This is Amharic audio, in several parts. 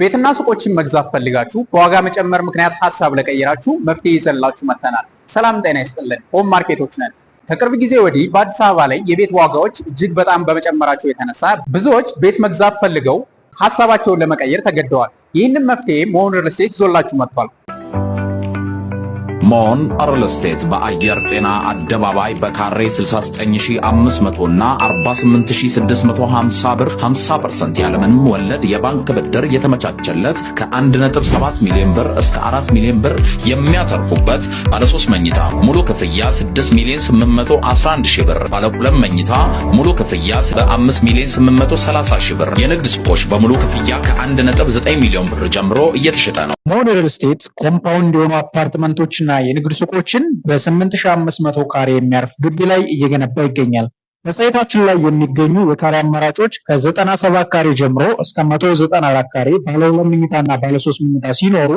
ቤትና ሱቆችን መግዛት ፈልጋችሁ በዋጋ መጨመር ምክንያት ሀሳብ ለቀየራችሁ መፍትሄ ይዘላችሁ መጥተናል። ሰላም ጤና ይስጥልን። ሆም ማርኬቶች ነን። ከቅርብ ጊዜ ወዲህ በአዲስ አበባ ላይ የቤት ዋጋዎች እጅግ በጣም በመጨመራቸው የተነሳ ብዙዎች ቤት መግዛት ፈልገው ሀሳባቸውን ለመቀየር ተገደዋል። ይህንም መፍትሄ መሆን ሪል ስቴት ይዞላችሁ መጥቷል። ሞን ሪል ስቴት በአየር ጤና አደባባይ በካሬ 69500 እና 48650 ብር 50% ያለምንም ወለድ የባንክ ብድር የተመቻቸለት ከ1.7 ሚሊዮን ብር እስከ 4 ሚሊዮን ብር የሚያተርፉበት ባለ 3 መኝታ ሙሉ ክፍያ 6 ሚሊዮን 811 ሺህ ብር፣ ባለ 2 መኝታ ሙሉ ክፍያ በ5 ሚሊዮን 830 ሺህ ብር፣ የንግድ ሱቆች በሙሉ ክፍያ ከ1.9 ሚሊዮን ብር ጀምሮ እየተሸጠ ነው። ሞን ሪል ስቴት ኮምፓውንድ የሆኑ አፓርትመንቶች። እና የንግድ ሱቆችን በ8500 ካሬ የሚያርፍ ግቢ ላይ እየገነባ ይገኛል። በሳይታችን ላይ የሚገኙ የካሬ አማራጮች ከ97 ካሬ ጀምሮ እስከ 194 ካሬ ባለ ሁለት መኝታና ባለ ሶስት መኝታ ሲኖሩ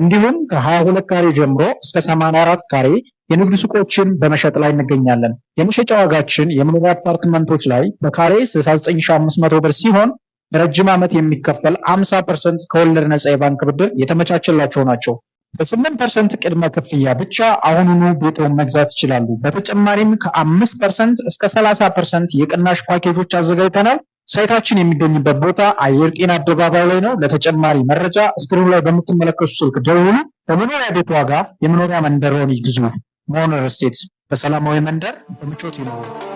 እንዲሁም ከ22 ካሬ ጀምሮ እስከ 84 ካሬ የንግድ ሱቆችን በመሸጥ ላይ እንገኛለን። የመሸጫ ዋጋችን የመኖሪያ አፓርትመንቶች ላይ በካሬ 69500 ብር ሲሆን በረጅም ዓመት የሚከፈል 50 ፐርሰንት ከወለድ ነጻ የባንክ ብድር የተመቻቸላቸው ናቸው። በስምንት ፐርሰንት ቅድመ ክፍያ ብቻ አሁኑኑ ቤትዎን መግዛት ይችላሉ። በተጨማሪም ከአምስት ፐርሰንት እስከ ሰላሳ ፐርሰንት የቅናሽ ፓኬጆች አዘጋጅተናል። ሳይታችን የሚገኝበት ቦታ አየር ጤና አደባባይ ላይ ነው። ለተጨማሪ መረጃ እስክሪኑ ላይ በምትመለከቱ ስልክ ደውሉ። በመኖሪያ ቤት ዋጋ የመኖሪያ መንደርዎን ይግዙ። ሞኖ ርስቴት በሰላማዊ መንደር በምቾት ይኖሩ።